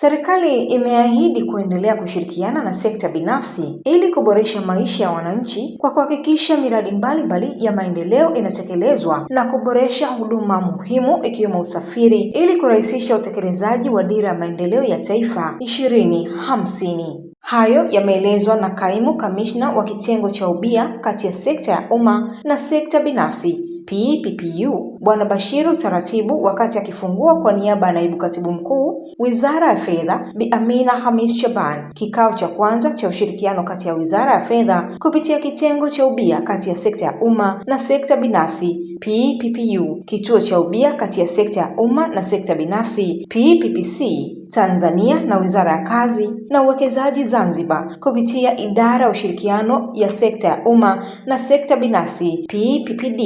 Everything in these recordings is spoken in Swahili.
Serikali imeahidi kuendelea kushirikiana na sekta binafsi ili kuboresha maisha ya wananchi kwa kuhakikisha miradi mbalimbali ya maendeleo inatekelezwa na kuboresha huduma muhimu ikiwemo usafiri ili kurahisisha utekelezaji wa Dira ya Maendeleo ya Taifa ishirini hamsini. Hayo yameelezwa na kaimu kamishna wa kitengo cha ubia kati ya sekta ya umma na sekta binafsi PPPU Bwana Bashiru Taratibu wakati akifungua kwa niaba ya naibu katibu mkuu Wizara ya Fedha Bi Amina Hamis Shaban kikao cha kwanza cha ushirikiano kati ya Wizara ya Fedha kupitia kitengo cha ubia kati ya sekta ya umma na sekta binafsi PPPU, kituo cha ubia kati ya sekta ya umma na sekta binafsi PPPC Tanzania na Wizara ya Kazi na Uwekezaji Zanzibar kupitia Idara ya Ushirikiano ya Sekta ya Umma na Sekta Binafsi PPPD.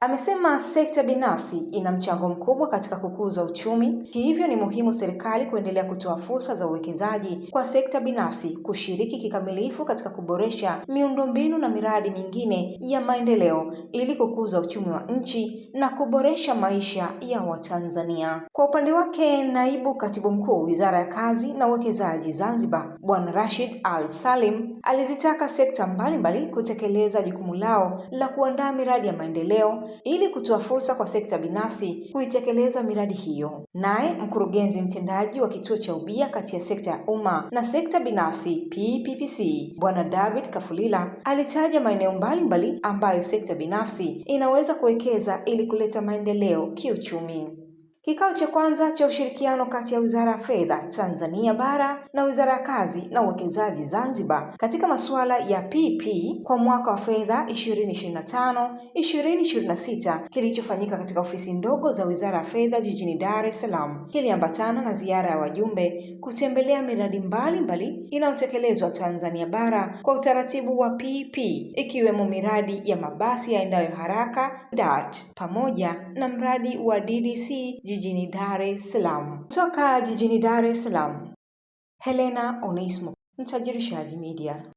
Amesema sekta binafsi ina mchango mkubwa katika kukuza uchumi, hivyo ni muhimu serikali kuendelea kutoa fursa za uwekezaji kwa sekta binafsi kushiriki kikamilifu katika kuboresha miundombinu na miradi mingine ya maendeleo ili kukuza uchumi wa nchi na kuboresha maisha ya Watanzania. Kwa upande wake, naibu katibu mkuu Wizara ya Kazi na Uwekezaji Zanzibar, Bwana Rashid Al Salim alizitaka sekta mbalimbali kutekeleza jukumu lao la kuandaa miradi ya maendeleo ili kutoa fursa kwa sekta binafsi kuitekeleza miradi hiyo. Naye mkurugenzi mtendaji wa kituo cha ubia kati ya sekta ya umma na sekta binafsi PPPC, Bwana David Kafulila alitaja maeneo mbalimbali ambayo sekta binafsi inaweza kuwekeza ili kuleta maendeleo kiuchumi. Kikao cha kwanza cha ushirikiano kati ya Wizara ya Fedha Tanzania Bara na Wizara ya Kazi na Uwekezaji Zanzibar katika masuala ya PP kwa mwaka wa fedha 2025 2026 kilichofanyika katika ofisi ndogo za Wizara ya Fedha jijini Dar es Salaam kiliambatana na ziara ya wajumbe kutembelea miradi mbalimbali inayotekelezwa Tanzania Bara kwa utaratibu wa PP ikiwemo miradi ya mabasi yaendayo haraka DART pamoja na mradi wa DDC jijini Dar es Salaam. Kutoka jijini Dar es Salaam, Helena Onesmo, Mtajirishaji Media.